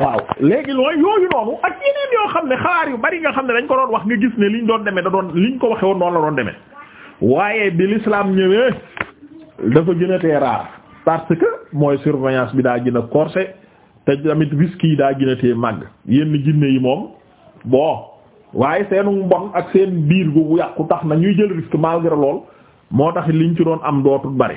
waaw léegi looy yooyu noonu ak yeneen yoo xam ne xabaar yu bari nga xam ne dañ ko doon wax nga gis ne ñu doon demee da doon liñ ko waxe woon noonu la doon demee waaye bi l'islam ñëwee dafa gën a tee raar parce mooy surveillance bi daa gën a corsé te tamit risques yi daa gën a màgg yenn jinne yi moom bon waaye seenu mbon ak seen biir gu bu yàqu tax na ñuy jël risque malgré lool moo tax liñ ci doon am dootul bari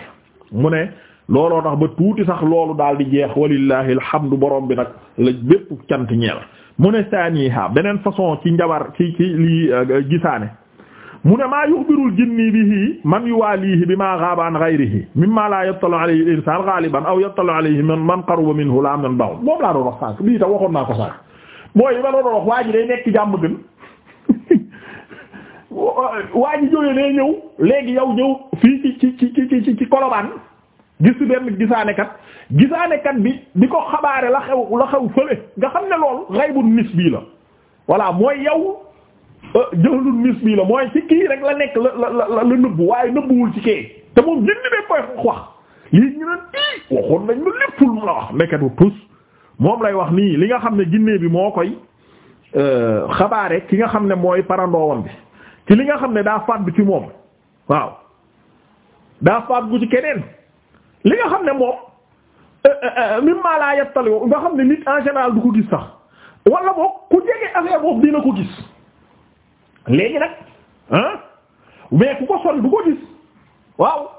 mu ne looloo tax ba tuuti sax loolu daal di jeex walillahi alhamdu borom bi nag la bépp cant ñeel mu ne saaniha beneen façon ci njabar ci ci lii euh, gisaane mu ne maa yuxbirul jinni bihi man yuwaalihi bi maa gaaba an ghayrihi mimma la yattalu alayhi al insaan ghaliban aw yattalu alayhi man man qaruba minhu la man ba'd moom laa doon wax sànq lii tax waxoon ko sànq mooy li ma doon wax day nekk jàmm gën waa ji jógee ñëw léegi yow ñëw fii ci ci ci ci ci Colobane gis benn gisaanekat gisaanekat bi di ko xabaare la xew la xew fële nga xam ne loolu xaybul bii la voilà mooy yow euh, jëlul bii la mooy ci kii rek la nekk la la la nëbbu waaye nëbbuwul ci kii te moom jënd bee koy wax lii ñu naan ii waxoon nañ lu lépp lu mu wax nekkatu tus moom lay wax nii li nga xam ne jinne bi moo koy euh, xabaare ki nga xam ne mooy parandoowam bi ci li nga xam ne daa faat bi ci moom waaw daa faat bu ci keneen li nga xam ne moom euh, euh, euh, mimma la yattali nga xam ne nit en général du ko gis sax walla boog ku jege affaire boobu dina ko gis léegi nag ah mais ku ko sori du ko gis waaw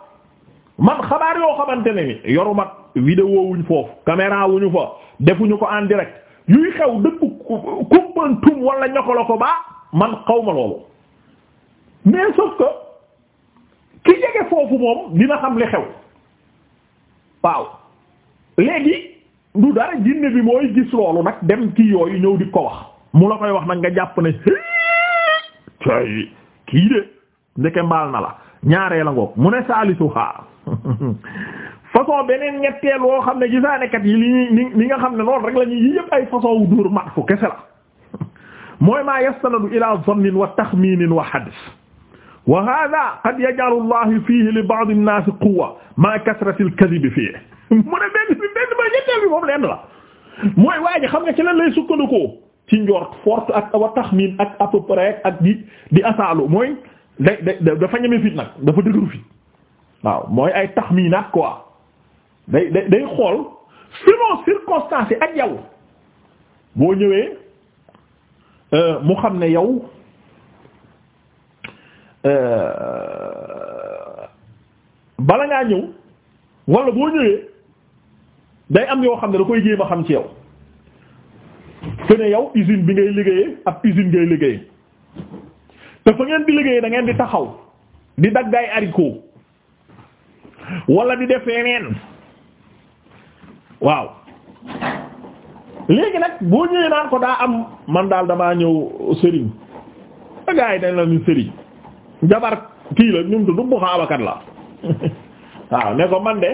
man xabaar yoo xamante ne ni yoru mag vidéo wuñ foofu caméra wuñu fa defuñu ko en direct yuy xew dëkk kumpantum wala ñokala ko baa man xawma loolu mais sauf que ki jege foofu moom dina xam li xew waaw léegi du dara jinne bi mooy gis loolu nag dem kii yooyu ñëw di ko wax mu la koy wax nag nga jàpp ne cay kii de ndeke mbaal na la ñaaree la ngoog mu ne saalisu xaar façon beneen ñetteel woo xam ne gisaanekat yi li li nga xam ne loolu rek la ñuy yi yëpp ay façon wu duur mat fu kese la mooy maa yastanadu ila zannin wa taxminin wa hadis wa hada qad yaj'alu llahu fihi li ba'di nnaasi quwwa ma kasrati al-kadhib fihi mu ne benn bi benn ba ñetteel bi moom lenn la mooy waa ji xam nga ci lan lay sukkandikoo ci njort forte ak wa taxmin ak à peu près ak di di asaalu mooy day day dafa ñeme fit nag dafa dëgëru fit waaw mooy ay taxminaat quoi day day day xool selon circonstances yi ak yow boo ñëwee euh, mu xam ne yow. Euh, bala ngaa ñëw wala boo ñëwee day am yoo xam ne da koy jéem a xam ci yow te ne yow usine bi ngay liggéeyee ab usine ngay liggéeyee te ngeen di liggéeyee dangeen ngeen di taxaw di daggaay ariko walla di def yeneen waaw léegi nag boo ñëwee naan ko daa am man daal damaa ñëw sëriñ a gaa yi dañ la ñu sëriñ jabar kii la ñum tuddu buxaabakat la waaw ne ko man de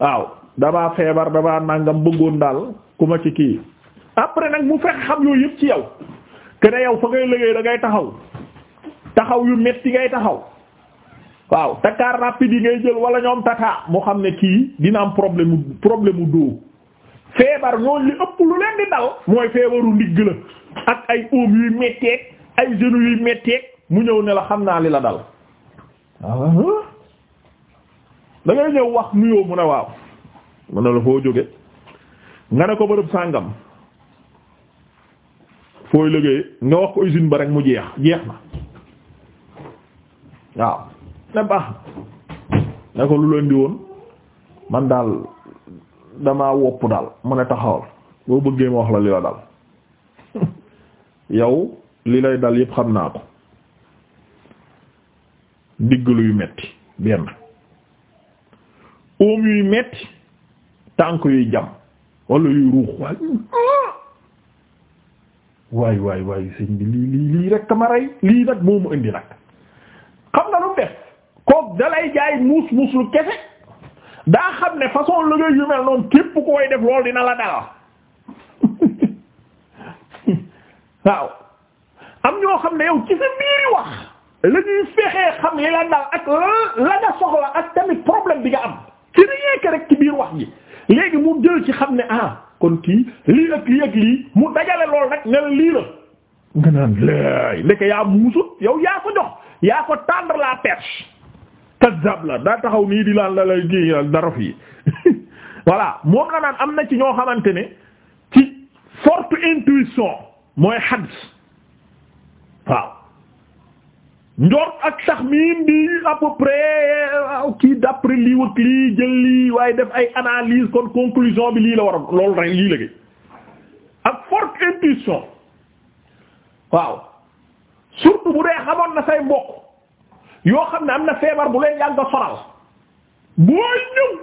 waaw damaa feebar damaa nangam bëggoon daal ku ma ci kii après nag mu fekk xam yooyu yëpp ci yow que ne yow fa ngay liggéey dangay taxaw taxaw yu metti ngay taxaw waaw te car yi ngay jël wala ñoom tata mu xam ne kii dina am problème problème mu dóo feebar ñooñu li ëpp lu leen di dal mooy feebaru ndigg la ak ay óom yuy metteeg ay genoux yuy metteeg mu ñëw ne la xam naa li la dal ah. da ngay ñëw wax nuyoo mu ne waaw mu ne la foo jóge nga ne ko bërëb sàngam fooy liggéey nga wax ko usine ba rek mu jeex jeex na waaw ne baax ne ko lu leen di woon man daal damaa wopp daal mu ne taxawal boo bëggee ma wax la li la dal yow li lay dal yépp xam naa ko ndiggalu yu metti benn oom yuy metti tànk yuy jam wala yuy ruux waay waay waay waay sëñ bi lii lii lii rek ma lii nag moomu indi nag xam nga lu def kook dalay jaay muus muus lu kese daa xam ne façon liggéey yu mel noonu képp ku def loolu dina la dal waaw am ñoo xam ne yow ci sa biiri wax la ñuy fexee xam li la dal ak la nga soxla ak tamit problème bi nga am ci rien que rek ci biir wax ji léegi mu jël ci xam ne ah kon kii lii ak lii ak lii mu dajale lool rek ne lii la nga naan laay ndeke yaa muusut yow yaa ko jox yaa ko tendre la perche kazzab la daa taxaw nii di laan la lay gi dara fii voilà moom la naan am na ci ñoo xamante ne ci forte intuition mooy xads waaw njort ak sax miin di à peu près euh, kii d'après lii wëkk lii jël lii waaye def ay analyse kon conclusion bi lii la war a loolu rek lii la ak forte intuition waaw surtout bu dee xamoon na say mbokk yoo xam ne am na feebar bu leen yàgg a soral boo ñëw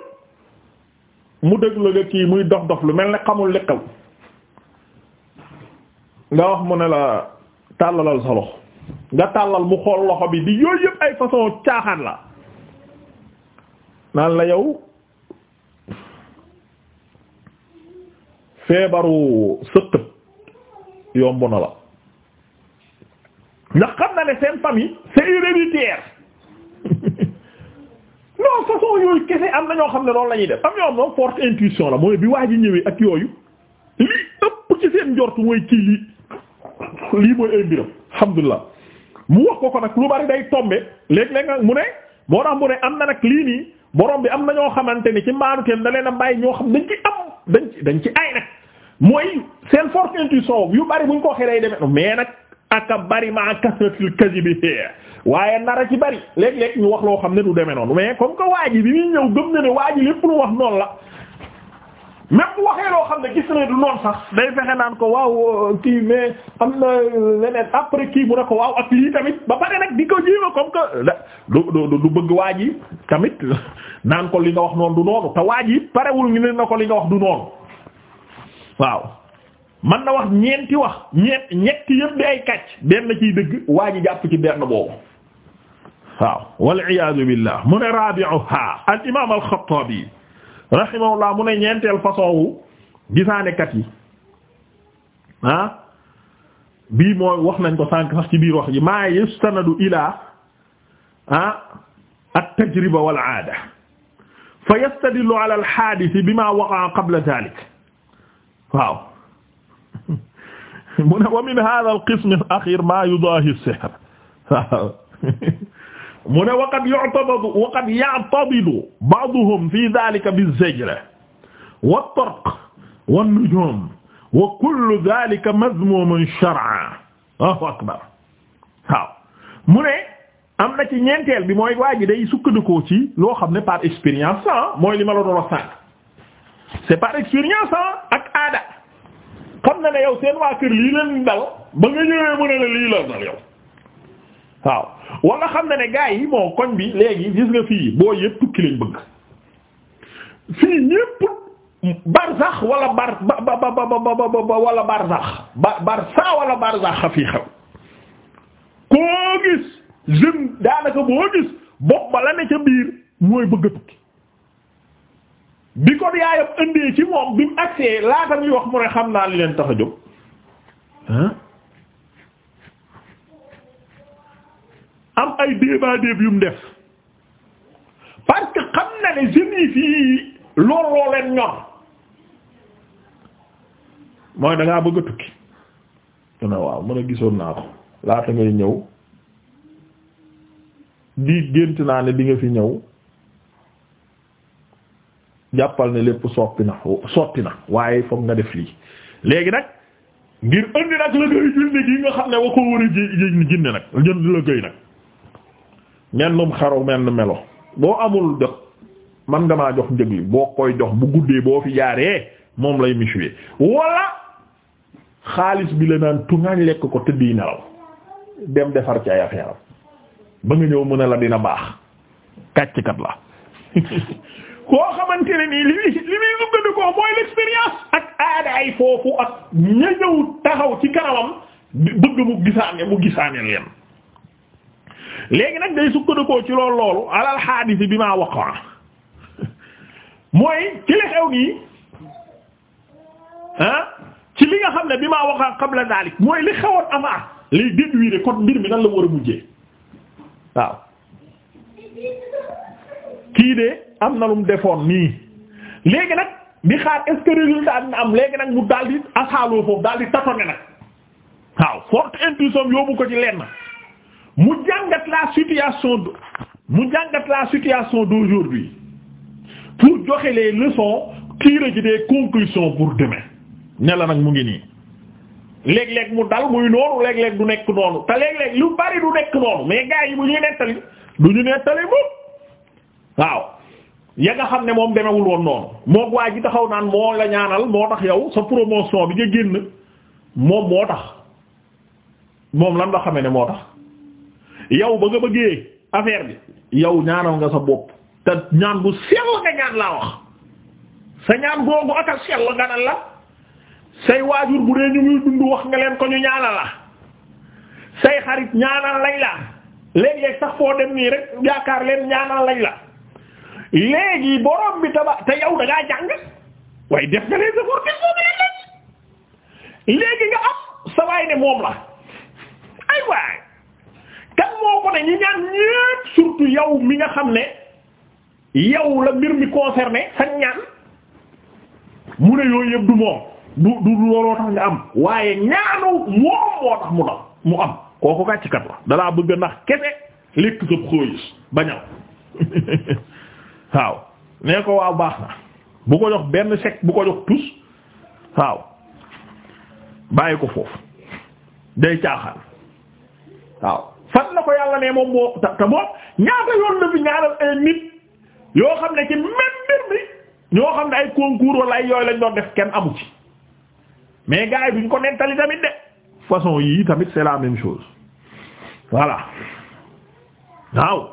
mu déglu nga kii muy dof dof lu mel ne xamul li xew nga wax mu ne la tàllalal sa loxo nga tàllal mu xool loxo bi di yooyu yëpp ay façon caaxaan la naan la yow feebaru sëqët yomb na la ndax xam na ne seen famille c'est héréditaire non façon yooyu kese am na ñoo xam ne loolu lañuy ñuy def am ñoo moom forte intuition la mooy bi waa ji ñëwee ak yooyu lii ëpp ci seen njort mooy kii lii lii mooy ay mbiram mu wax ko ko nag lu bari day tombe léeg-léeg nag mu ne moo tax mu ne am na nag lii nii borom bi am na ñoo xamante ni ci maanuteem da leen a bàyyi ñoo xam dañ ci am dañ ci dañ ci ay nag mooy seen forte intuition yu bari buñ ko waxee day demee mais nag aka bari ma kasratil kadhibi waaye nara ci bari léeg-léeg ñu wax loo xam ne du demee noonu mais comme que waa ji bi ñuy ñëw gëm na ne waa ji lépp lu wax noon la même bu waxee loo xam ne gis na du noonu sax day fexe naan ko waaw euh, kii mais am na euh, leneen après kii mu ne ko waaw ak lii tamit ba pare nag di ko jiima comme que la du du bëgg waaj yi tamit naan ko li nga wax noonu du noonu te waaj yi parewul ñu ne na ko li nga wax du noonu waaw man na wax ñeenti wax ñeent ñetti di ay kàcc benn ciy dëgg waaj yi jàpp ci benn boobu waaw wal iyaadu billah mu ne rabi'uha al imam al rahimahullah mu ne ñeenteel façon wu gisaanekat yi ah bii mooy wax nañ ko sànq sax ci biir wax ji maa yustanadu ila ah at tajriba wal aada fa yastadillu ala al hadith bima waqa'a qabla dhalik waaw mu ne wa min hadha al qism al akhir ma yudahi as-sihr waaw mu ne waqad yu'tabadu waqad ya'tabidu ba'duhum fi dhalika biz-zajra wat-tarq wan-nujum wa kullu dhalika madhmumun shar'an Allahu akbar waaw mu ne am na ci ñeenteel bi mooy waa ji day sukkandikoo ci loo xam ne par expérience ah mooy li ma la doon wax sànq c'est par expérience ah ak aada xam na ne yow seen waa kër lii leen dal ba nga ñëwee mu ne la lii la dal yow. waaw wala xam na ne gaa yi moo koñ bi léegi gis nga fii boo yëpp tukki lañ bëgg fii ñépp barzax wala bar barsa wala barzax fii xew koo gis jeune daanaka boo gis bopp ne ca biir mooy bëgg a tukki bi ko yaayam indee ci moom bi mu agsee laata muy wax mu ne xam naa li leen tax a jóg am ay débat déeb yu mu def parce que xam na ne jeunes yi fii loolu loo ñor mooy da bëgg a tukki mu ne waaw mën a gisoon naa ko laata ngay ñëw di gént naa ne di nga fi ñëw jàppal ne lépp soppi na sotti na waaye foog nga def lii léegi nag ngir indi nag la gay junne gi nga xam ne wa ko war a ji jinne nag jënd la gay nag mennum xaru menn melo boo amul jot man nga maa jox njëg li boo koy jox bu guddee boo fi jaaree moom lay michuwee wala xaalis bi la naan tungaañ lekk ko tëdd yi nelaw dem defar ci ay affaire am ba nga ñëw mën a la dina baax kàcckat la koo xamante nii li muy li muy sukkandikoo mooy l'expérience ak aadaay foofu ak ñëw taxaw ci kanamam bëgg mu gisaane mu gisaane leen léegi nag day sukkandikoo ci loolu loolu alal xaadisi bi maa waqa ah. mooy ci li xew nii ah ci li nga xam ne bi ma maa waqa ah qabla dalik mooy li xewoon avant liy déduire kon mbir mi nan la war a mujjee waaw kii de am na lu mu defoon nii léegi nag di xaar est-ce que am léegi nag mu daal di asaaloo foofu daal di tatoné nag waaw forte intuition yóbbu ko ci lenn. mu jàngat la situation mu jàngat la situation d'aujourd'hui pour joxe les leçons tirer ci des conclusions pour demain ne la nag mu ngi nii léeg-léeg mu dal muy noonu léeg-léeg du nekk noonu te léeg-léeg lu bari du nekk noonu mais gars yi bu ñuy nettali du ñu nettali moom waaw ya nga xam ne moom demewul woon noonu moo waa ji taxaw naan moo la ñaanal moo tax yow sa promotion bi nga génn moom moo tax moom lan la xame ne moo tax yow ba nga bëggee affaire bi yow ñaanal nga sa bopp te ñaan bu sell nga ñaan laa wax sa ñaan googu ak a nga ne la say waajur bu dee ñu muy dund wax nga leen ko ñu ñaanal la say xarit ñaanal lañ la léeg-léeg sax foo dem la léegi borom bi taba te yow da jàng waaye def nga leen sa fortune boobu am sa waay ne moom la. ñi ñaan ñépp surtout yow mi nga xam ne yow la mbir mi concerné sa ñaan mu ne yooyu yëpp du moom du du looloo tax nga am waaye ñaanu moom moo tax mu dal mu am kooku kàccikat la dalaa bëgg ndax kese lekk sab xóoyis bañal waaw nee ko waaw baax na bu ko jox benn sec bu ko jox tus waaw bàyyi ko foofu day caaxaan waaw fan la ko yàlla ne moom moo te moom ñaata yoon la fi ñaaral ay nit yoo xam ne ci même mbir mi ñoo xam ne ay concours wala ay yooyu lañ doon def kenn amu ci mais gars yi buñ ko nettali tamit de façon yii tamit c'est la même chose voilà waaw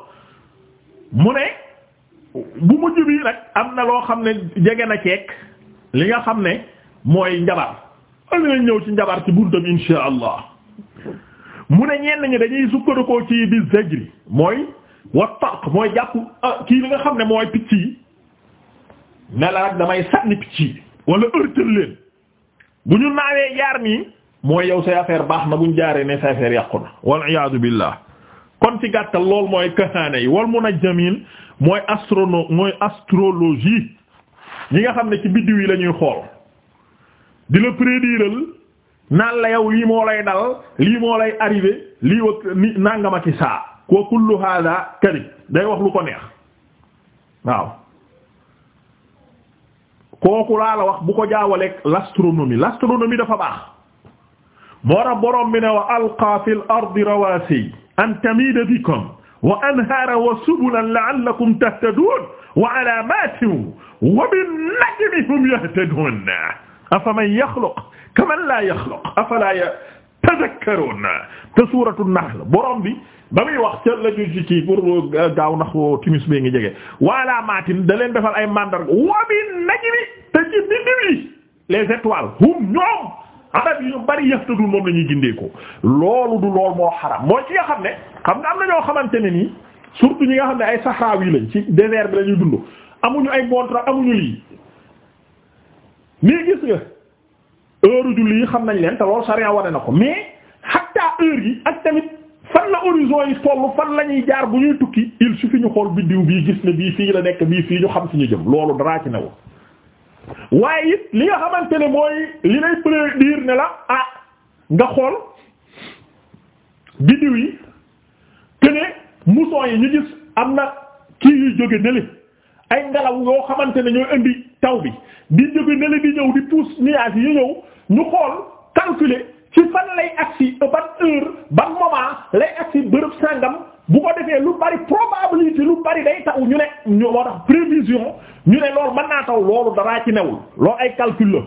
mu ne bu mujj bi nag am na loo xam ne jege na ceek li nga xam ne mooy njabar am nañ ñëw ci njabar ci buntam insha allah mu ne ñenn ñi dañuy sukkandikoo ci bi zajri mooy wa taq mooy jàpp ah, kii li nga xam ne mooy picc yi ne la rek damay sànni picc yi wala ërtal leen bu ñu naawee jaar nii mooy yow say affaire baax na bu ñu jaaree ne say affaire yàqu na wal iyaadu billah kon ci gàttal lool mooy kahaane yi wal munajjamin mooy astrono mooy astrologie ñi nga xam ne ci biddiw yi lañuy ñuy xool di prédiral naan la yow lii moo lay lii moo lay lii wa ni nangama ci ko kullu hada kadib day wax lu ko neex waaw kooku laa wax bu ko jaawaleeg l'astronomie l'astronomie dafa baax moo tax borom bi ne wa alqa fil ardi rawasi an tamida bikum wa anhaara wa subulan la'allakum tahtadun wa alamatin wa bin najmi hum yahtadun afaman yaxluq kaman laa yaxluq afalaa yatadakkaruun te suuratu nahl borom bi ba muy wax ca la ñu ci kii pour gaaw ndax timis bee ngi jege wala maatin da leen defal ay mandarga wa bin najmi te ci biddiw les étoiles hum ñoom arab yi ñu bari yaftadul moom la ñuy gindeekoo loolu du loolu moo xaram mooy ci nga xam ne xam nga am na ñoo xamante ne nii surtout ñi nga xam ne ay saxraawi lañ ci désert la ñuy dund amuñu ay montre amuñu lii nii gis nga. heure julli yi xam nañ leen te loolu sariya wane na ko mais hatta heure yi ak tamit fan la horizon yi tollu fan la ñuy jaar bu ñuy tukki il suffit ñu xool biddiw bii gis ne bii fii la nekk bii fii ñu xam fi ñu jëm loolu dara ci newul waaye it li nga xamante ne mooy li lay prédire ne la ah nga xool biddiw yi te ne yi ñu gis am na kii yuy jóge neli ay ngelaw yoo xamante ne ñooy indi taw bi di jóge neli di ñëw di pousse nuage yi ñëw ñu xool calculer ci fan lay agsi ban heure ban moment lay agsi bërëb sàngam bu ko defee lu bari probabilité lu bari day taw ñu ne ñu moo tax prévision ñu ne loolu mën naa taw loolu daraa ci newul loolu ay calcul la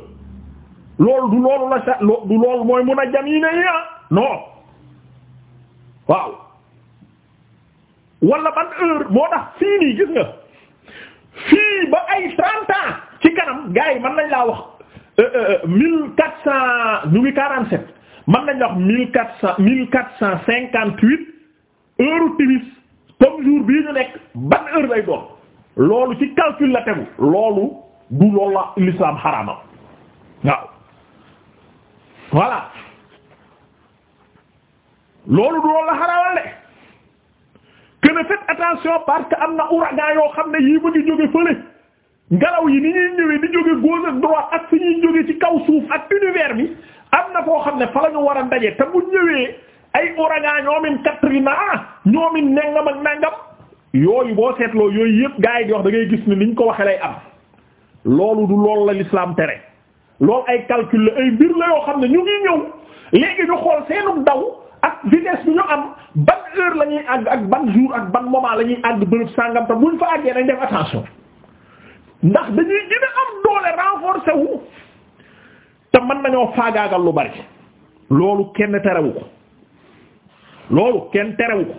loolu du loolu la sa du loolu mooy mun a jam yi ne ah non waaw wala ban heure moo tax fii nii gis nga fii ba ay trente ci kanam gars yi mën nañ laa wax Euh, euh, euh, mille quatre cent ñu ngi quarante sept mën nañ wax mille quatre cent mille quatre cent cinquante huit heure timis comme jour bii ñu nekk ban heure lay doon loolu ci calcul la tegu loolu du loolu la l'islam xaraama waaw voilà loolu du loolu la xaraamal de que ne attention parce am na ouragan yoo xam ne yii mu ngi jóge fële ngelaw yi ni ñuy ñëwee di jóge gauche ak droite ak fi ci kaw suuf ak univers bi am na koo xam ne fa la ñu war a ndaje te bu ñëwee ay ouragan ñoomin Katrina ah, ñoomin nangam ak nangam yooyu boo seetloo yooyu yëpp gaa yi di wax da gis ni niñ ko waxee lay am loolu du loolu la l'islam tere loolu ay calcul la ay mbir la yoo xam ne ñu ngi ñëw léegi ñu xool seenu daw ak vitesse bi ñu am ban heure la ñuy àgg ak ban jour ak ban moment la ñuy àgg bërëb sàngam te buñ fa àggee dañ def ndax dañuy gën a am doole renforcé wu te mën nañoo faagaagal lu bari loolu kenn terewu ko loolu kenn terewu ko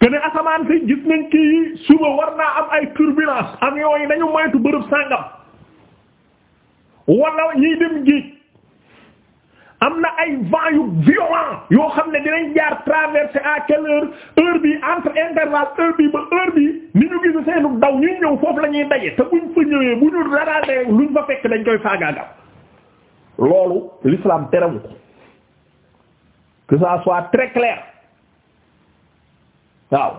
kene asamaan si gis nañ kii suba war naa am ay turbulence avion yi dañu moytu bërëb sàngam wala ñiy dem géej am na ay vent yu violent yoo xam ne dinañ jaar traversé à quelle heure bi entre intervalle heure bi ba heure bi ni ñu gis seenu daw ñuy ñëw foofu la ñuy daje te buñ fa ñëwee bu ñu daraatee luñ fa fekk dañ koy faagaagam loolu l'islam terewu ko que ça soit très clair waaw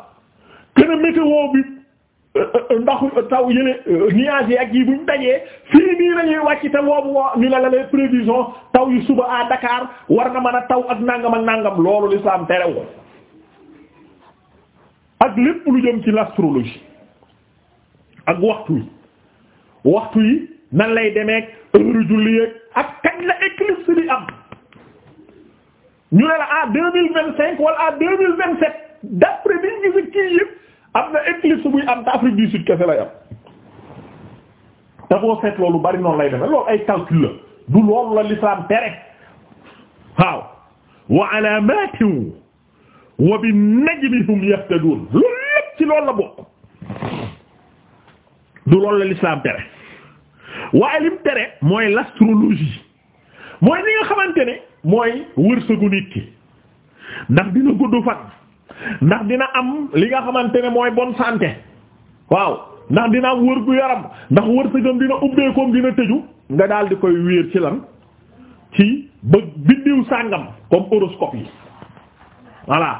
kën a météo bi ndax taw yële euh, nuages ak yi buñ dajee fii nii la ñuy wàcc te boobu woo ñu la la les prévisions taw yu suba à Dakar war na mën a taw ak nangam ak nangam loolu l'islam terew ko ak lépp lu jëm ci l'astrologie ak waxtu yi waxtu yi nan lay demeek ak kañ la éclipse bi am ñu ne la a deux mille vingt cinq wala à deux mille vingt sept d'après biñ gis kii yëpp. am na éclipse buy am te Afrique du Sud kese lay am te boo seet loolu bari noonu lay demee loolu ay calcul la du loolu la l'islam tere waaw wa alaamatin la bokk du loolu la l'islam tere mooy l'astrologie mooy li nga xamante ne mooy wërsëgu nit ki ndax dina gudd fan ndax dina am li nga xamante ne mooy bon santé waaw ndax dina am wër gu yaram ndax wërsëgam dina ubbeekoom dina tëju nga daal di koy wéer ci lan ci bëgg biddiw sàngam comme horoscope yi voilà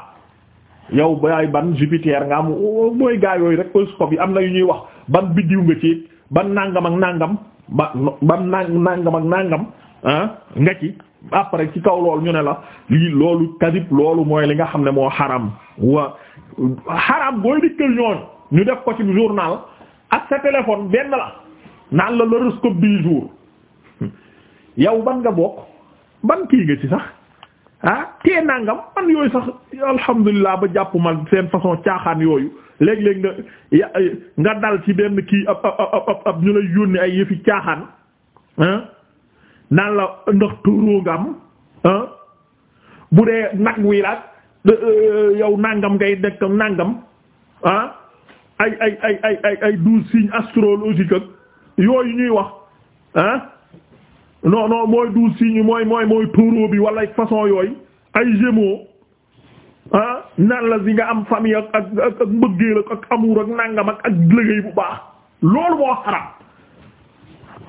yow baay ban Jupiter nga am mooy gaa yooyu rek horoscope yi am na yu ñuy wax ban biddiw nga ci ban nàngam ak nàngam ba ban nàngam ak nàngam ah nga ci après ci kaw loolu ñu ne la lii loolu kadib loolu mooy li nga xam ne moo xaram wa xaram booy dikkal ñooñ ñu def ko ci journal ak sa téléphone benn la naan la l'horoscope du jour yow ban nga bokk ban kii nga ci sax ah tee man yooyu sax alhamdulilah ba jàppuma mal seen façon caaxaan yooyu léeg-léeg nga nga dal ci benn kii ab ab ab ab ñu lay yónni ay yëfi caaxaan naan la ndax tuuroo nga am bu dee nag wii laat euh, yow nangam ngay dëkk nangam ah ay ay ay ay ay ay douze ak yooyu ñuy wax no non non mooy douze signes mooy mooy mooy taureau bi wala façon yooyu ay gémeaux ah naan la bi nga am famille ak ak ak mbëggeel ak ak ak nangam ak ak liggéey bu baax loolu moo xaram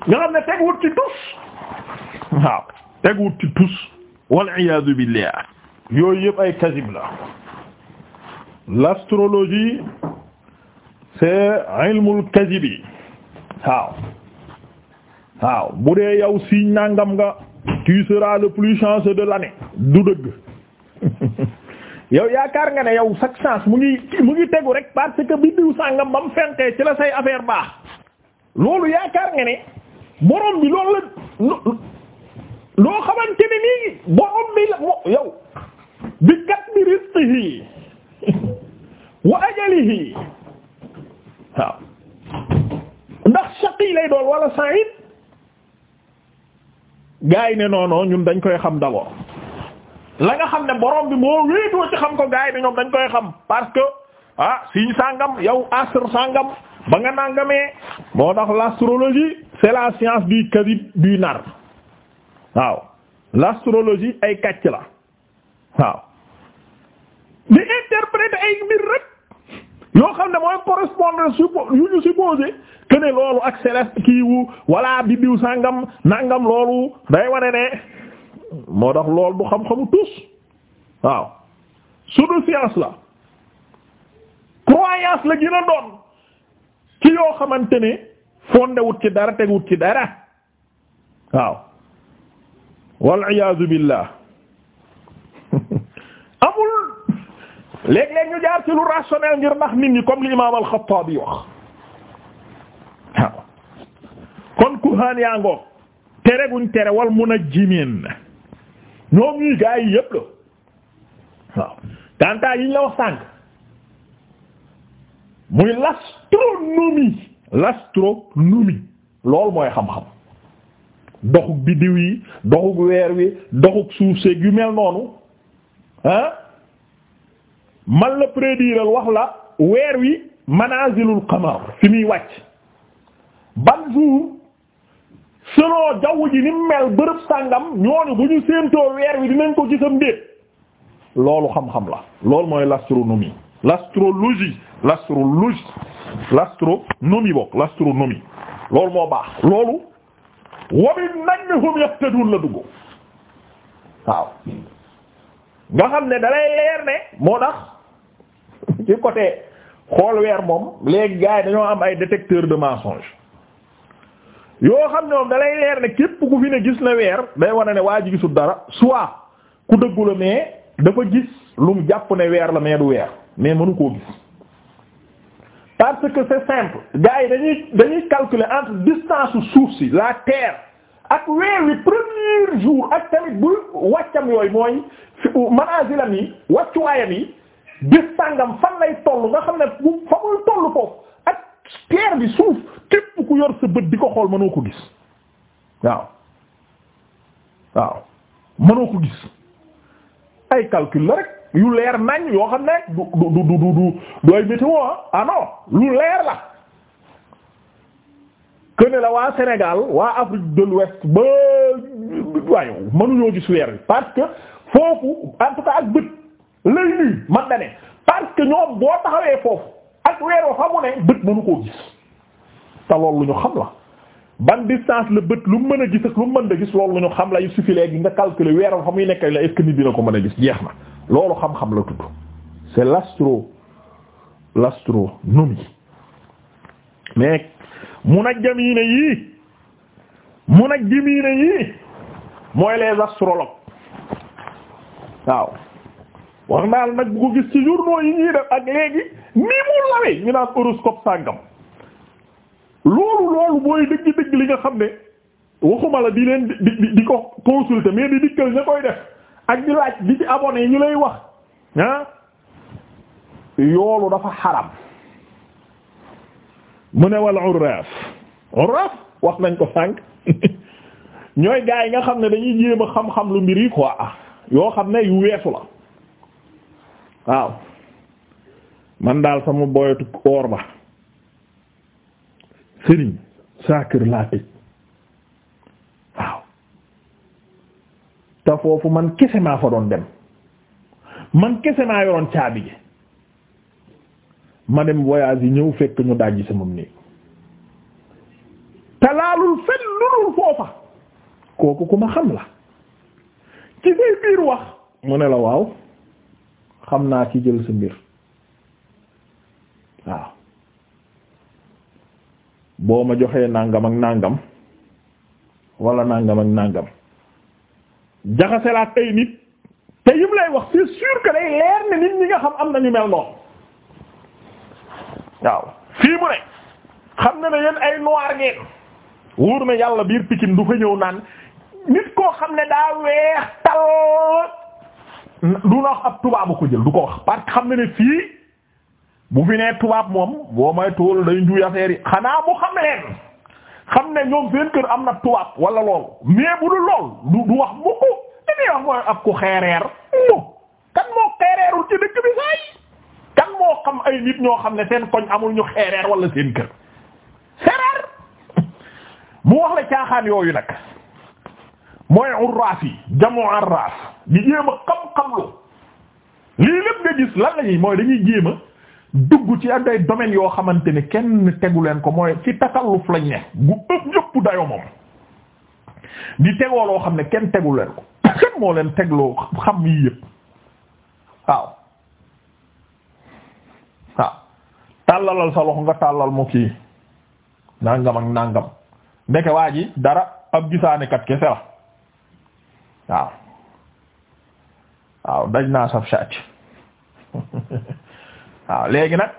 nga xam ne teg wut ci tus waaw teguwut ci tus wal iyaadu billah yooyu yëpp ay kasib la l'astrologie c'est ilmul kasibi waaw waaw bu dee yow signe nangam nga tu seras le plus chanceux de l'année du dëgg yow yaakaar nga ne yow chaque chance mu ngi mu ngi tegu rek parce que biddiw sàngam ba mu fentee ci la say affaire baax loolu yaakaar nga ne borom bi loolu la loo xamante ne nii borom bi la mo yow bi kat bi rizqihi wa ajalihi ndax shaqi lay doon wala sa'id gaa yi ne noonoo ñun dañ koy xam d'abord la xam ne borom bi moo wéetoo ci xam ko gaa ne ñoom dañ koy xam parce que ah signe sàngam yow astre sàngam ba nga nàngamee moo tax l'astrologie c'est la science du kadib du nar waaw l'astrologie ay kàcc la waaw di interpréter ay mbir rek yoo xam ne mooy correspondre yu ñu supposé que loolu ak céleste kiiwu walla biddiw sàngam nàngam loolu day ware ne moo tax loolu du xam-xamu tous waaw sudu science la croyance la gën doon ci yoo xamante ne fonde wut ci dara teg wut ci dara waaw wal iyaazu billah amul léeg-léeg ñu jaar ci lu rationnel ngir ndax nit ñi comme l'imam al wax waaw kon kuhaan yaa ngoog tere guñ tere wal munajjimin ñoom ñuy gaa yi yépp la waaw tanta yiñ la wax sànq muy l'astronomie l'astronomie loolu mooy xam-xam doxug biddiw yi doxug weer wi doxug suuf seeg yu mel noonu ah man la prédiral wax la weer wi manazilul qamar fi muy wàcc ban jour selon jaww ji ni mel bërëb sàngam ñooñu bu ñu séentoo weer wi dinañ ko gisam déet loolu xam-xam la loolu mooy l'astronomie l'astrologie l'astrologie l'astronomie bokk l'astronomie loolu moo baax loolu wabi najmihum yahtadun la dugg waaw nga xam ne dalay leer ne moo tax ci côté xool weer moom léegi gars yi dañoo am ay détecteur de mensonge yoo xam ne moom dalay leer ne képp ku fi ne gis na weer day wane ne waa ji gisul dara soit ku dëggu la mais dafa gis lu mu jàpp ne weer la mee du weer mais mënu koo gis parce que c'est simple gars yi dañuy dañuy calculer entre distance suuf si la terre ak weer wi premier jour ak tamit bu wàccam yooyu mooy manazilam yi wàccuwaayam yi bis sàngam fan lay toll nga xam ne bu fa muy toll foofu ak terre bi suuf képp ku yor sa bët di ko xool mënoo ko gis waaw waaw mënoo ko gis ay calcul la rek yu leer nañ yoo xam ne du du du du du ay météo ah. ah non lu leer la que la waa Sénégal waa Afrique de l'Ouest ba waaye mënuñoo gis weer bi parce que foofu en tout ak bët lay nii man da ne parce que ñoom boo taxawee foofu ak weer wa fa mu ne bët mënu koo gis te loolu ñu xam la ban distance la bët lu mën a gis lu mën a gis loolu ñu xam la il suffit léegi nga calculer weer wa fa muy nekk la est nit dina ko mën a gis jeex na. loolu xam-xam la tudd c'est l'astro l'astronomie mais munajjamiine yii munajjimiine yii mooy les astrologues waaw wax naa la nag bu ko gis ci journaux yi ñuy def ak léegi nii mu lawee ñu naan horoscope sàngam loolu loolu mooy dëgg-dëgg li nga xam ne waxuma la di leen di di ko consulter mais di dikkal ña koy def ak di laaj di ci yi ñu lay wax ah yoolu dafa xaram mu ne walla urraf urraf wax nañ ko sànq ñooy gaa yi nga xam ne dañuy jéem a xam-xam lu mbir yi quoi yoo xam ne yu weesu la waaw man daal sama boyatu koor ba sëriñ saa kër laa tëj te foofu man kese maa fa doon dem man kese maa yoroon caabi ji ma dem voyage yi ñëw fekk ñu dajji sama néeg te laalul fen lulul foofa kooku ku ma xam la ci say biir wax mu ne la waaw xam naa ci jël sa mbir waaw boo ma joxee nàngam ak nàngam wala nàngam ak nàngam jaxaselaat ay nit te yim lay wax c'est sûr que day leer nit ñi nga xam am nañu mel noonu waaw fii mu ne xam na ne yéen ay noir ngeen wóor na yàlla biir Pikine du fa ñëw naan nit koo xam ne daa weex tal du na wax ab tubaabu ko jël du ko wax parce que xam na ne fii bu fi nee tubaab moom boo may tool day njuuy affaire yi xanaa mu xam leen xam ne ñoom seen kër am na tubaab wala loolu mais bu dul lool du du wax mukk li wax mooy ab ku xeereer mu xam nit ñoo xam ne seen koñ amul ñu wala seen kër xeereer mu wax la caaxaan yooyu nag mooy urraaf yi jamu arraaf di jéem a xam-xam lu lii lépp nga gis lan la mooy dañuy jéem dugg ci ak ay domaines yoo xamante ni kenn tegu leen ko mooy ci takalluf lañ ne bu ëpp dayo moom di tegoo loo xam ne kenn tegu leen ko moo leen tegloo xam yii yëpp waaw waaw tàllalal sa loxo nga tàllal mu kii nàngam ak nàngam ndeke waa ji dara ab gisaanekat kese la waaw waaw daj naa saf sàcc waaw léegi nag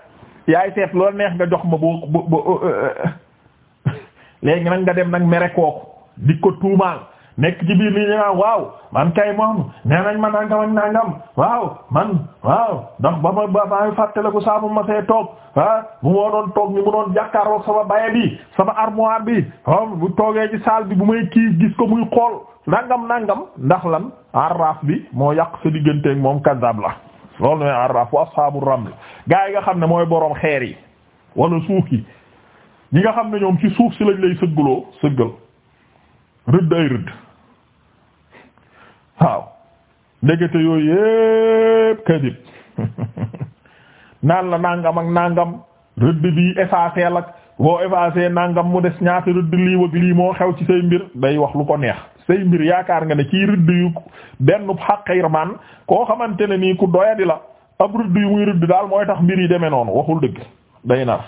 yaay seet loolu neex nga jox ma bu bu bu euh, euh, léegi nag nga dem nag mere kooku di ko tuumaal nekk ci biir li ñu waaw man kay moom nee ma nangam ak nangam waaw man waaw ndax ba ma ba ma fàttaliku saa bu ma see toog ah bu ma doon toog ni mu doon jàkkaarloog sama baye bi sama armoire bi waaw ah, bu toogee ci salle bi bu may kii gis ko muy xool nangam nangam ndax lan arraf bi moo yàq sa digganteeg moom kazab la. loolu mooy arraaf wa ashabu raml gaa yi nga xam ne mooy boroom xeer yi wala suuf yi ñi nga xam ne ñoom ci suuf si lañ lay sëggaloo sëggal rëdd ay rëdd waaw ndekete yooyu yépp kadib naan la nangam ak nangam rëdd bi essentiel ak boo effacé nangam mu des ñaata rëdd lii wëg lii moo xew ci say mbir day wax lu ko neex say mbir yaakaar nga ne ciy rëdd yu benn xaqir man koo xamante ne ni ku doyadi la ab rëdd yu muy rëdd daal mooy tax mbir yi demee noonu waxul dëgg day nar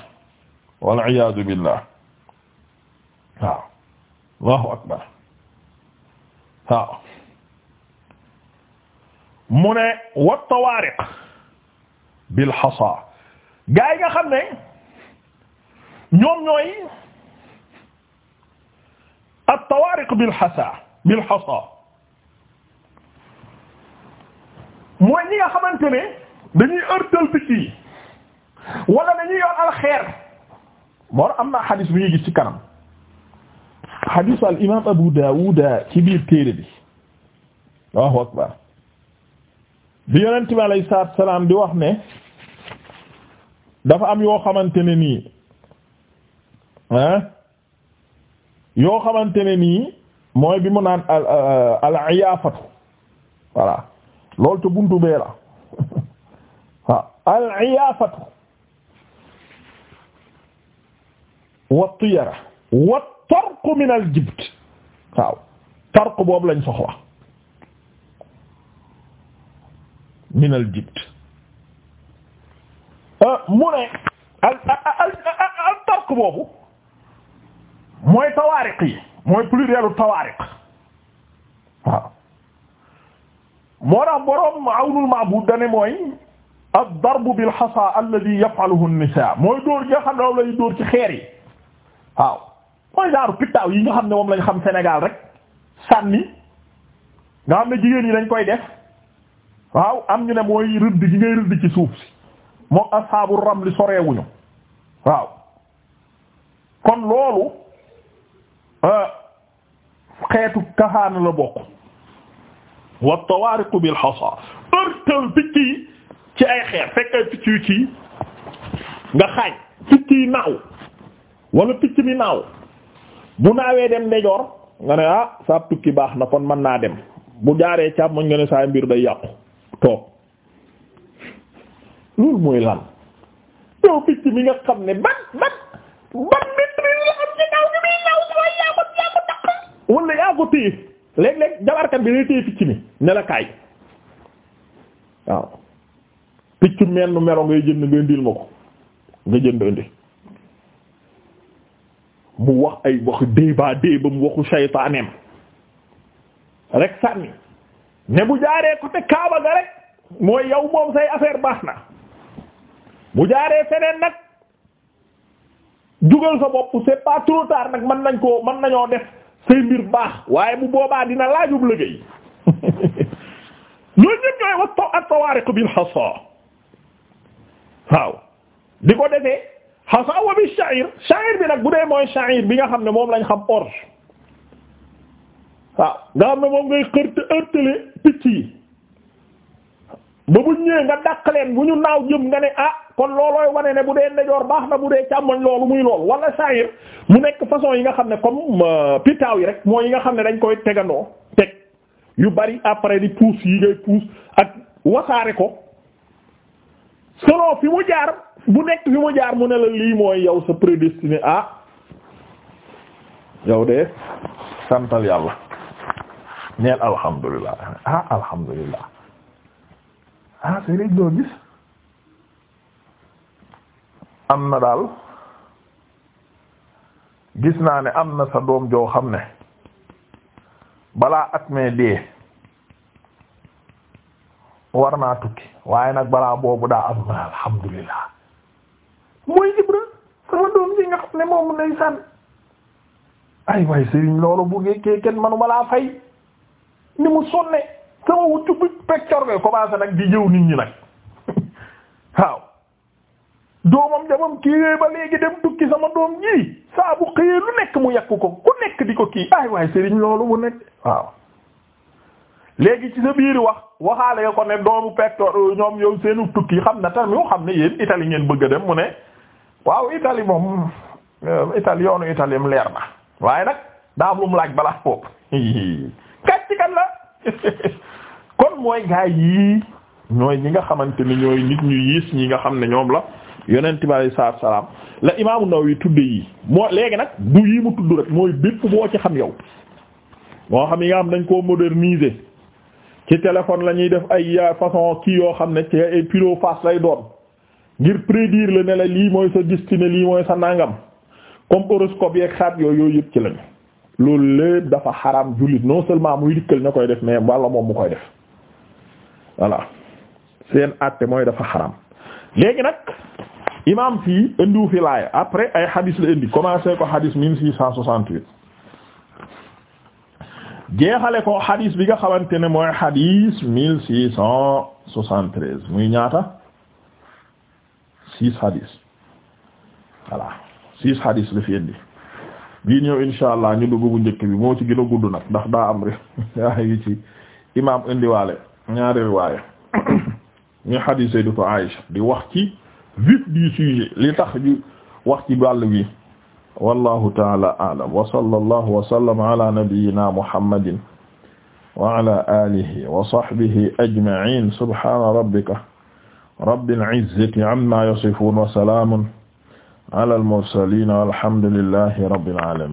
wal iyaadu billah waaw allahu akbar waaw mu ne wat tawaariq bil hasa gaay nga xam ne ñoom ñooy at-tawaariq bil hasa bil hasa mooy ñi nga xamante ne dañuy ërtal picc yi wala dañuy yor alxeer moo am na xadis bi ñuy gis ci kanam xadisu al imam Abu Dawud ci biir téere bi Allahu akbar bi yonent bi alayhi salaam di wax ne dafa am yoo xamante ne nii ah yoo xamante ne nii mooy bi mu naan al iyaafatu voilà loolu te buntu bee la waaw al iyaafatu wa tiyara wa tarqu min al jibt waaw tarqu boobu lañ soxla min al jibt euh, mu ne al al al tarqu boobu mooy tawaariq mooy plurielu tawaariq waaw moo tax boroom awnul ma'bud dane mooy ad-darbu bil hasa alladhi yaf'aluhu mooy dóor yi nga xam ne moom lañu dóor ci xeer yi waaw mooy genre pitaaw yi xam ne moom lañ xam Sénégal rek sànni nga xam ne jigéen yi dañ koy def waaw am ñu ne mooy rëdd gi ngay rëdd ci suuf si moom ashabu ramli soreewuñu waaw kon loolu Ah, xeetu kaxaana la bokk wa tawaariqu bil nga xaaj picc yi naaw wala picc mi naaw bu naawee dem ndejoor nga ne ah saa tukki baax na kon mën naa dem bu jaaree càmm moñ nga ne saa mbir day yàqu toog loolu mooy lan yow picc mi nga xam ne ban ban ban wala yaa ko téye léeg-léeg jabarkat bi day téye picc mi ne la waaw picc menn melo ngay jënd nga indil ma ko nga jënd indi mu wax ay waxu déebaa déebam waxu saytaaneem rek sànni ne bu jaaree côté Kaaba ga rek mooy yow moom say affaire baax na bu jaaree feneen nag jugal sa bopp c'est nag mën nañ ko mën nañoo def say mbir baax waaye bu boobaa dina laajub liggéey ñooñu ñëpp ñooy wax taw ak tawaariq bil di ko defee xasa wa bi sha'ir sha'ir bi nag bu dee mooy sha'ir bi nga xam ne moom lañ xam orge waaw nga xam ne moom ngay xërte ba bu ñëwee nga dàq leen bu ñu naaw jëm nga ne ah kon loolooy wane ne bu dee ndejoor baax na bu dee càmmoñ loolu muy loolu wala saayir mu nekk façon yi nga xam ne comme euh, pitaaw yi rek mooy yi nga xam ne dañ koy tegandoo teg yu bari après di puus yi ngay puus ak wasaare ko selon fi mu jaar bu nekk fi mu jaar mu ne la lii mooy yow sa prédestiné ah yow de santal yàlla neel alhamdulilah ah alhamdulilah ah Serigne doo gis am na daal gis naa ne am na sa doom joo xam ne balaa at mee dee war naa tukki waaye nag balaa boobu daa am na alhamdulillah mooy Ibra sama doom ji nga xam ne moom lay sànn ay waay Serigne loolu bu ngekkee kenn manuma fay ni mu sonne sama wuccu bi peccor be commencé nag di jëw nit ñi nag waaw doomam jamam kii ba léegi dem tukki ma doom ji saa bu xëyee lu nekk mu yàq ko ku nekk di ko kii ay waaye sëriñ loolu bu nekk waaw léegi ci sa biir wax waxaale nga ko ne doomu pector ñoom yow seenu tukki xam na tamit yoo xam ne yéen Italie ngeen bëgg a dem mu ne waaw Italie moom euh, Italie yoonu Italie mu leer na waaye nag daa am mu laaj balaa boobu kàcc kan la kon mooy gaay yii ñooy ñi nga xamante ni ñooy nit ñu yiis ñi nga xam ne ñoom la yonent bi saa salaatu salaam la imaamu Nawawi tudde yii moo léegi nag du yii mu tudd rek mooy bépp boo ci xam yow moo xam yi nga xam dañ koo moderniser ci téléphone la ñuy def ay façon kii yoo xam ne ci ay pilo face lay doon ngir prédire la ne la lii mooy sa destinée lii mooy sa nangam comme horoscope yeeg xaat yooyu yooyu yëpp ci lañu loolu lépp dafa xaram jullit non seulement muy dikkal na koy def mais walla moom mu koy def voilà seen àtte mooy dafa xaram léegi nag imam fii indiwu fi laaya après ay hadith la indi commencé ko xadis mille six cent soixante-huit jeexale ko hadith bi nga xamante ne mooy hadith mille six cent soixante muy ñaata six hadith voilà six hadith la fi indi bii ñëw insha allah ñu dugg bu njëkk bi moo ci gën a gudd nag ndax daa am rek imam indiwaale ñaari riwaaya ñu xadiis Sayyidatu Aïsha di wax ci vif du sujet li tax di wax ci bàll bi wallahu taala a'lam wa sallallahu wa sallama ala nabiyyina muhammadin wa ala alihi wa sahbihi ajma'in subhana rabbika rabbil izzati amma yasifun wa salamun ala al mursalin walhamdulillahi rabbil alamin